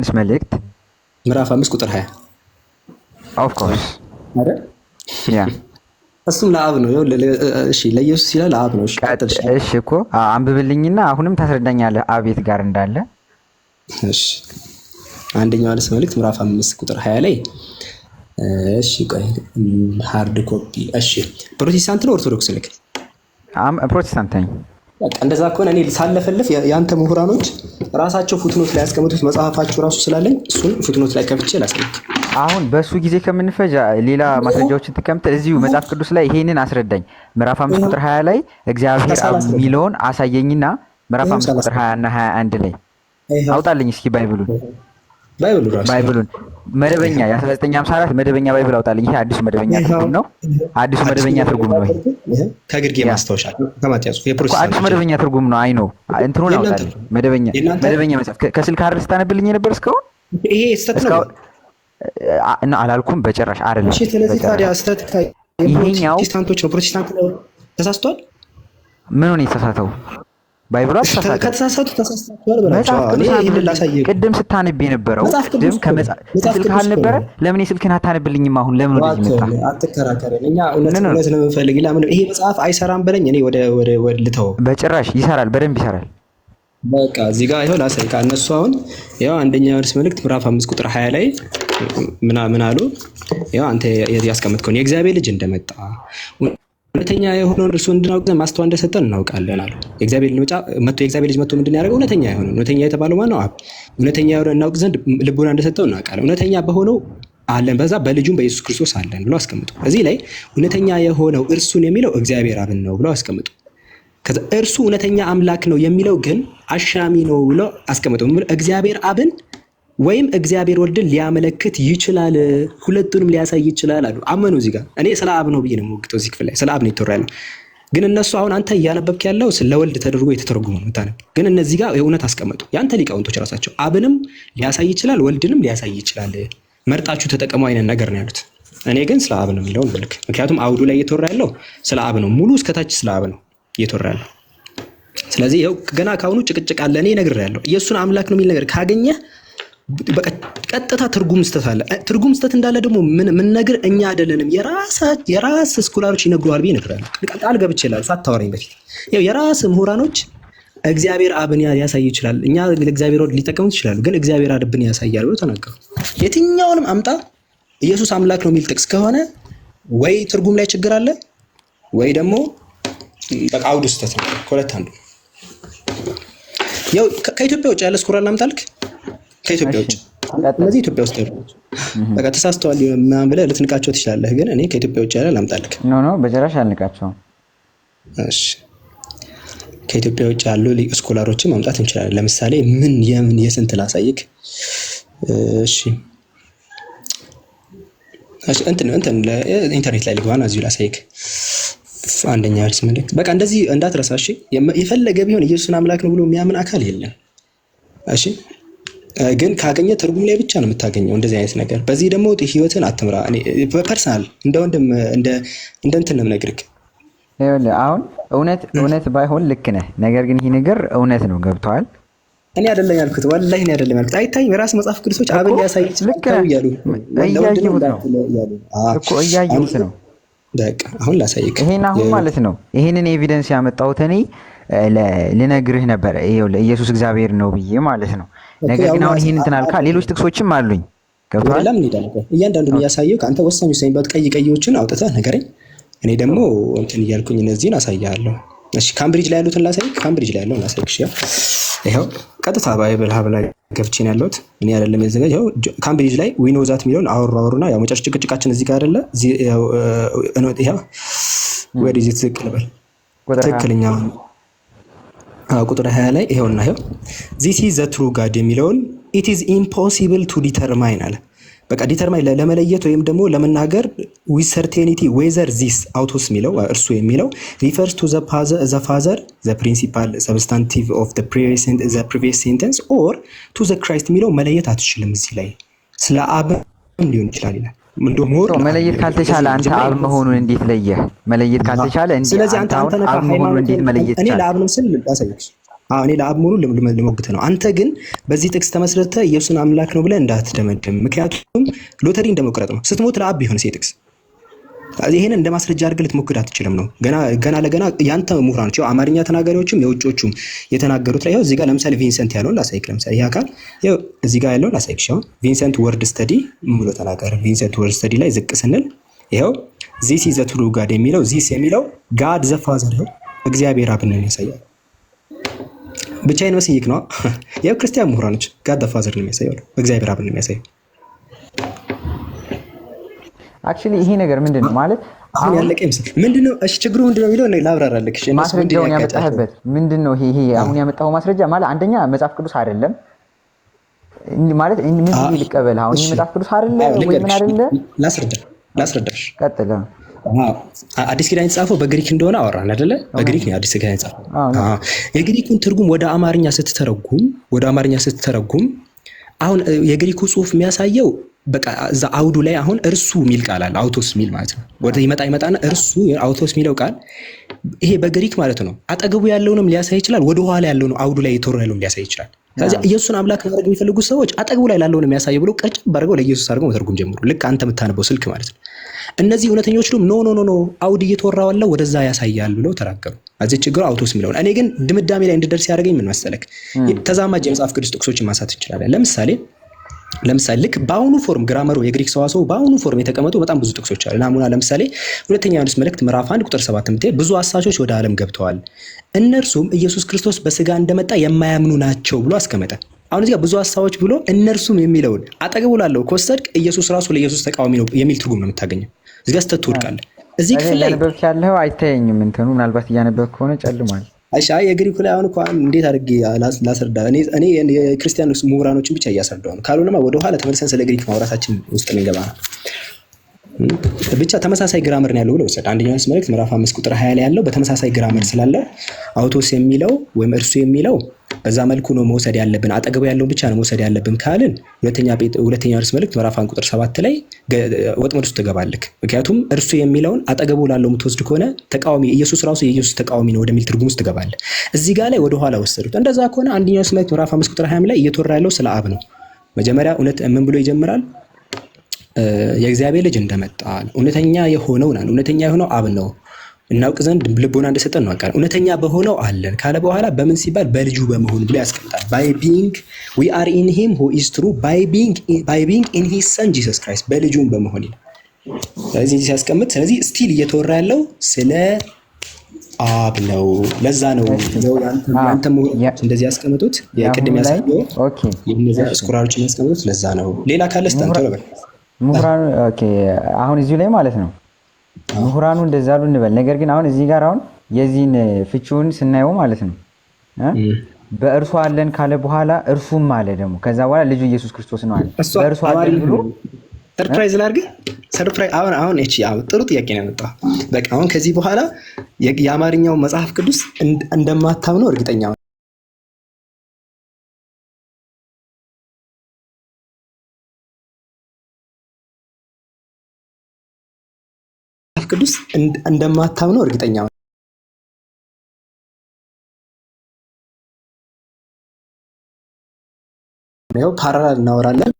ዮሐንስ መልእክት ምዕራፍ አምስት ቁጥር ሀያ ኦፍኮርስ አይደል? ያ እሱም ለአብ ነው። እሺ ለኢየሱስ ይላል ለአብ ነው። እሺ እኮ አንብብልኝና አሁንም ታስረዳኛለህ አቤት ጋር እንዳለ። እሺ አንደኛው ዮሐንስ መልእክት ምዕራፍ አምስት ቁጥር ሀያ ላይ እሺ ቆይ ሃርድ ኮፒ። እሺ ፕሮቴስታንት ነው ኦርቶዶክስ ልክ ፕሮቴስታንት ነኝ። በቃ እንደዛ ከሆነ እኔ ሳለፈልፍ የአንተ ምሁራኖች ራሳቸው ፉትኖት ላይ ያስቀምጡት መጽሐፋቸው ራሱ ስላለኝ እሱን ፉትኖት ላይ ከፍቼ ላሳይክ። አሁን በእሱ ጊዜ ከምንፈጅ ሌላ ማስረጃዎችን ትቀምጥ። እዚሁ መጽሐፍ ቅዱስ ላይ ይሄንን አስረዳኝ ምዕራፍ አምስት ቁጥር ሀያ ላይ እግዚአብሔር የሚለውን አሳየኝና ምዕራፍ አምስት ቁጥር ሀያ እና ሀያ አንድ ላይ አውጣልኝ እስኪ ባይብሉን ባይብሉን መደበኛ የ1954 መደበኛ ባይብል አውጣልኝ። ይሄ አዲሱ መደበኛ ትርጉም ነው። አዲሱ መደበኛ ትርጉም ነው። ከግርጌ ማስታወሻ ከማትያዙ አዲሱ መደበኛ ትርጉም ነው። አይ ነው እንትኑን አውጣልኝ። መደበኛ መደበኛ መጽሐፍ ከስልክ አይደል ስታነብልኝ የነበር እስካሁን ይሄ ስህተት ነው እና አላልኩም በጭራሽ አይደለም። እሺ ስለዚህ ታዲያ ስህተት ይሄኛው ፕሮቴስታንቶች ነው። ፕሮቴስታንት ተሳስቷል። ምን ሆነ የተሳሳተው? ባይብሏ ከተሳሳቱ ተሳስታችኋል ቅድም ስታነብ የነበረው ስልክ አልነበረ። ለምን የስልክን አታነብልኝም? አሁን ለምን ወደዚህ መጣ? አትከራከረን። እኛ እውነት ለምን ይሄ መጽሐፍ አይሰራም በለኝ። እኔ ልተው። በጭራሽ ይሰራል፣ በደንብ ይሰራል። በቃ እዚህ ጋር ይኸው ላሳይ። እነሱ አሁን ያው አንደኛ ዮሐንስ መልእክት ምዕራፍ አምስት ቁጥር ሀያ ላይ ምን አሉ? ያው አንተ ያስቀመጥከውን የእግዚአብሔር ልጅ እንደመጣ እውነተኛ የሆነውን እርሱ እንድናውቅ ማስተዋ እንደሰጠን እናውቃለን አሉ። የእግዚአብሔር ልጅ መጥቶ የእግዚአብሔር ልጅ ምንድን ያደረገው እውነተኛ የሆነ እውነተኛ የተባለው ማነው? አብ እውነተኛ የሆነ እናውቅ ዘንድ ልቡና እንደሰጠው እናውቃለን። እውነተኛ በሆነው አለን በዛ በልጁም በኢየሱስ ክርስቶስ አለን ብሎ አስቀምጡ። እዚህ ላይ እውነተኛ የሆነው እርሱን የሚለው እግዚአብሔር አብን ነው ብሎ አስቀምጡ። እርሱ እውነተኛ አምላክ ነው የሚለው ግን አሻሚ ነው ብሎ አስቀምጡ። እግዚአብሔር አብን ወይም እግዚአብሔር ወልድን ሊያመለክት ይችላል፣ ሁለቱንም ሊያሳይ ይችላል አሉ። አመኑ። እዚህ ጋር እኔ ስለ አብ ነው ብዬ ነው የምወግጠው። እዚህ ክፍል ላይ ስለ አብ ነው የተወራ ያለው። ግን እነሱ አሁን አንተ እያነበብክ ያለው ለወልድ ተደርጎ የተተረጎመ ነው ግን እነዚህ ጋር የእውነት አስቀመጡ። ያንተ ሊቃውንቶች ራሳቸው አብንም ሊያሳይ ይችላል፣ ወልድንም ሊያሳይ ይችላል፣ መርጣችሁ ተጠቀሙ አይነት ነገር ነው ያሉት። እኔ ግን ስለ አብ ነው የሚለው ልክ። ምክንያቱም አውዱ ላይ እየተወራ ያለው ስለ አብ ነው፣ ሙሉ እስከታች ስለ አብ ነው እየተወራ ያለው። ስለዚህ ይኸው ገና ከአሁኑ ጭቅጭቅ አለ። እኔ እነግርህ ያለው የእሱን አምላክ ነው የሚል ነገር ካገኘህ ቀጥታ ትርጉም ስተት አለ። ትርጉም ስተት እንዳለ ደግሞ ምንነግር እኛ አይደለንም። የራስ ስኩላሮች ይነግረዋል ብ ይነግራል። ቃል ገብቼ ይላል ሳታወራኝ በፊት የራስ ምሁራኖች እግዚአብሔር አብን ያሳይ ይችላል። እኛ ለእግዚአብሔር ሊጠቀሙት ይችላሉ፣ ግን እግዚአብሔር አድብን ያሳያል ብሎ ተናገሩ። የትኛውንም አምጣ ኢየሱስ አምላክ ነው የሚል ጥቅስ ከሆነ ወይ ትርጉም ላይ ችግር አለ ወይ ደግሞ በቃ አውዱ ስተት ነው። ከሁለት አንዱ ነው። ከኢትዮጵያ ውጭ ያለ ስኩራ ላምጣልክ ከኢትዮጵያ ውጭ እነዚህ ኢትዮጵያ ውስጥ ያሉ በቃ ተሳስተዋል ምናምን ብለህ ልትንቃቸው ትችላለህ። ግን እኔ ከኢትዮጵያ ውጭ ያለ ላምጣልክ። ኖ ኖ፣ በጭራሽ አልንቃቸውም። እሺ ከኢትዮጵያ ውጭ ያሉ ስኮላሮችን ማምጣት እንችላለን። ለምሳሌ ምን የምን የስንት ላሳይክ? እሺ እሺ፣ እንትን እንትን ለኢንተርኔት ላይ ልግባና እዚሁ ላሳይክ። አንደኛ ያልስ መልእክት በቃ እንደዚህ እንዳትረሳ። እሺ የፈለገ ቢሆን ኢየሱስን አምላክ ነው ብሎ የሚያምን አካል የለም። እሺ ግን ካገኘ ትርጉም ላይ ብቻ ነው የምታገኘው እንደዚህ አይነት ነገር። በዚህ ደግሞ ህይወትን አትምራ። በፐርሰናል እንደ ወንድም እንደ እንትን ነው የምነግርህ። አሁን እውነት እውነት ባይሆን ልክ ነህ፣ ነገር ግን ይህ ነገር እውነት ነው። ገብተዋል። እኔ አይደለም ያልኩት፣ ወላሂ እኔ አይደለም ያልኩት። አይታይም የራስ መጽሐፍ ቅዱሶች አብ ያሳይ እያሉ እያየሁት ነው። አሁን ላሳይክ። ይሄን አሁን ማለት ነው ይሄንን ኤቪደንስ ያመጣሁት እኔ ልነግርህ ነበር። ኢየሱስ እግዚአብሔር ነው ብዬ ማለት ነው ነገር ግን አሁን ይህን እንትን አልካ ሌሎች ጥቅሶችም አሉኝ። ገብቶሃል? ለምን ሄዳለበት እያንዳንዱን እያሳየው ከአንተ ወሳኝ ወሳኝ ባት ቀይ ቀይዎችን አውጥተህ ነገረኝ። እኔ ደግሞ እንትን እያልኩኝ እነዚህን አሳያለሁ። እሺ ካምብሪጅ ላይ ያሉትን ላሳይ። ካምብሪጅ ላይ ያለው ላሳይ። እሺ ይኸው ቀጥታ ባይብል ሀብ ላይ ገብቼ ነው ያለሁት እኔ አይደለም የዘጋጅ። ይኸው ካምብሪጅ ላይ ዊኖ ዛት የሚለውን አወሩ አወሩና ያው መጨረሻ ጭቅጭቃችን እዚህ ጋር አይደለ? ይኸው ወዲህ ዝቅ በል ትክክለኛ ቁጥር 20 ላይ ይሄውና ይሄው ዚስ ኢዝ ዘ ትሩ ጋድ የሚለውን ኢት ኢዝ ኢምፖሲብል ቱ ዲተርማይን አለ። በቃ ዲተርማይን ለመለየት ወይም ደግሞ ለመናገር ዊዝ ሰርቴኒቲ ዌዘር ዚስ አውቶስ የሚለው እርሱ የሚለው ሪፈርስ ቱ ዘ ፋዘር ዘ ፕሪንሲፓል ሰብስታንቲቭ ኦፍ ዘ ፕሪቪየስ ሴንተንስ ኦር ቱ ዘ ክራይስት የሚለው መለየት አትችልም። እዚህ ላይ ስለ አብ ሊሆን ይችላል ይላል። መለየት ካልተቻለ አንተ አብ መሆኑን እንዴት ለየህ? መለየት ካልተቻለ ስለዚህ አንተ አንተ ነህ ሃይማኖት እንዴት መለየት? እኔ ለአብ ነው ስል ላሳየህ። አዎ እኔ ለአብ መሆኑን ልሞግትህ ነው። አንተ ግን በዚህ ጥቅስ ተመስረተ ኢየሱስን አምላክ ነው ብለህ እንዳትደመድም። ምክንያቱም ሎተሪ እንደመቁረጥ ነው። ስትሞት ለአብ ይሆን ሴ ጥቅስ ይህን እንደ ማስረጃ አድርገህ ልትሞክድ አትችልም ነው። ገና ለገና ያንተ ምሁራኖች አማርኛ ተናጋሪዎችም የውጮቹም የተናገሩት ላይ እዚህ ጋር ለምሳሌ ቪንሰንት ያለውን ላሳይክ። ለምሳሌ ይህ አካል እዚህ ጋር ያለውን ላሳይክ። ሲሆን ቪንሰንት ወርድ ስተዲ ብሎ ተናገር። ቪንሰንት ወርድ ስተዲ ላይ ዝቅ ስንል ይኸው ዚስ ኢዝ ዘ ትሩ ጋድ የሚለው ዚስ የሚለው ጋድ ዘ ፋዘር ይኸው እግዚአብሔር አብን ያሳያል። ብቻዬን መስይክ ነው። ያው ክርስቲያን ምሁራኖች ጋድ ዘ ፋዘር ነው የሚያሳየው፣ እግዚአብሔር አብን ነው የሚያሳየው አክቹዋሊ ይሄ ነገር ምንድን ነው ማለት አሁን ያለቀ ይመስል ምንድን ነው? እሺ ችግሩ ምንድን ነው የሚለው ላብራራልህ። ማስረጃውን ያመጣህበት ምንድን ነው? ይሄ አሁን ያመጣው ማስረጃ ማለት አንደኛ መጽሐፍ ቅዱስ አይደለም ማለት ምን ልቀበልህ? አሁን መጽሐፍ ቅዱስ አይደለ ወይ ምን አይደለ? ላስረዳ ላስረዳሽ። ቀጥል። አዲስ ኪዳን የተጻፈው በግሪክ እንደሆነ አወራን አይደለ? በግሪክ ነው አዲስ ኪዳን የተጻፈው። የግሪኩን ትርጉም ወደ አማርኛ ስትተረጉም ወደ አማርኛ ስትተረጉም አሁን የግሪኩ ጽሁፍ የሚያሳየው በቃ እዛ አውዱ ላይ አሁን እርሱ የሚል ቃል አለ። አውቶስ የሚል ማለት ነው። ወደ ይመጣ ይመጣና እርሱ አውቶስ የሚለው ቃል ይሄ በግሪክ ማለት ነው። አጠገቡ ያለውንም ሊያሳይ ይችላል። ወደ ኋላ ያለውን አውዱ ላይ ያለውን ሊያሳይ ይችላል። ስለዚህ ኢየሱስን አምላክ ማድረግ የሚፈልጉ ሰዎች አጠገቡ ላይ ላለውን የሚያሳየው ብሎ ቀጭን አድርገው ለኢየሱስ አድርገው መተርጉም ጀምሩ። ልክ አንተ የምታነበው ስልክ ማለት ነው። እነዚህ እውነተኞች ኖ ኖ ኖ ኖ አውድ እየተወራዋለ ወደዛ ያሳያል ብለው ተናገሩ። እዚህ ችግሩ አውቶስ የሚለው እኔ ግን ድምዳሜ ላይ እንድደርስ ያደረገኝ ምን መሰለክ፣ ተዛማጅ የመጽሐፍ ቅዱስ ጥቅሶችን ማንሳት እንችላለን። ለምሳሌ ለምሳሌ ልክ በአሁኑ ፎርም ግራመሩ የግሪክ ሰዋሰው በአሁኑ ፎርም የተቀመጡ በጣም ብዙ ጥቅሶች አሉ። ናሙና ለምሳሌ ሁለተኛ ዮሐንስ መልእክት ምዕራፍ 1 ቁጥር 7 ምት ብዙ አሳቾች ወደ ዓለም ገብተዋል፣ እነርሱም ኢየሱስ ክርስቶስ በስጋ እንደመጣ የማያምኑ ናቸው ብሎ አስቀመጠ። አሁን እዚህ ብዙ አሳዎች ብሎ እነርሱም የሚለውን አጠገቡ ላለው ከወሰድክ ኢየሱስ ራሱ ለኢየሱስ ተቃዋሚ ነው የሚል ትርጉም ነው የምታገኘው። እዚህ ጋር ስተት ትወድቃለህ። እዚህ ክፍል ላይ ያለው አይታየኝም። እንትኑ ምናልባት እያነበብክ ከሆነ ጨልሟል። እሺ አይ የግሪኩ ላይ አሁን እንኳን እንዴት አድርጌ ላስረዳ? እኔ የክርስቲያን ምሁራኖችን ብቻ እያስረዳሁ ነው። ካልሆነማ ወደኋላ ተመልሰን ስለ ግሪክ ማውራታችን ውስጥ እንገባ ነው። ብቻ ተመሳሳይ ግራመር ነው ያለው ብለው ወሰደ። አንደኛ ዮሐንስ መልእክት ምዕራፍ 5 ቁጥር 20 ላይ ያለው በተመሳሳይ ግራመር ስላለ አውቶስ የሚለው ወይም እርሱ የሚለው በዛ መልኩ ነው መውሰድ ያለብን። አጠገቡ ያለውን ብቻ ነው መውሰድ ያለብን ካልን ሁለተኛ ሁለተኛ ዮሐንስ መልእክት ምዕራፍ 1 ቁጥር 7 ላይ ወጥመድ ውስጥ ትገባለህ። ምክንያቱም እርሱ የሚለውን አጠገቡ ላለው የምትወስድ ከሆነ ተቃዋሚ ኢየሱስ ራሱ የኢየሱስ ተቃዋሚ ነው ወደሚል ትርጉም ውስጥ ትገባለህ። እዚህ ጋር ላይ ወደኋላ ወሰዱት። እንደዛ ከሆነ አንደኛ ዮሐንስ መልእክት ምዕራፍ 5 ቁጥር 20 ላይ እየተወራ ያለው ስለ አብ ነው። መጀመሪያ እውነት ምን ብሎ ይጀምራል? የእግዚአብሔር ልጅ እንደመጣን እውነተኛ የሆነው ነን። እውነተኛ የሆነው አብ ነው እናውቅ ዘንድ ልቦና እንደሰጠን ነው። እውነተኛ በሆነው አለን ካለ በኋላ በምን ሲባል በልጁ በመሆኑ ብሎ ያስቀምጣል። ባይ ቢንግ ዊ አር ኢን ሂም ሁ ኢዝ ትሩ ባይ ቢንግ ኢን ሂዝ ሰን ጂሰስ ክራይስት በልጁም በመሆን ይላል። ስለዚህ ሲያስቀምጥ፣ ስለዚህ ስቲል እየተወራ ያለው ስለ አብ ነው። ለዛ ነው ያንተ እንደዚህ ያስቀምጡት። ቅድም ያሳየው ስኩራሮችን ያስቀምጡት። ለዛ ነው ሌላ ካለ ነበር ምሁራኑ አሁን እዚሁ ላይ ማለት ነው ምሁራኑ እንደዛ አሉ እንበል። ነገር ግን አሁን እዚህ ጋር አሁን የዚህን ፍቺውን ስናየው ማለት ነው በእርሱ አለን ካለ በኋላ እርሱም አለ ደግሞ ከዛ በኋላ ልጁ ኢየሱስ ክርስቶስ ነው አለ። በእርሱ አለን ብሎ ሰርፕራይዝ ላርግ ሰርፕራይዝ አሁን አሁን እቺ ጥሩ ጥያቄ ነው ያመጣው። በቃ አሁን ከዚህ በኋላ የአማርኛው መጽሐፍ ቅዱስ እንደማታምነው እርግጠኛ እንደማታምነው እርግጠኛ ነው። ያው ፓራላል እናወራለን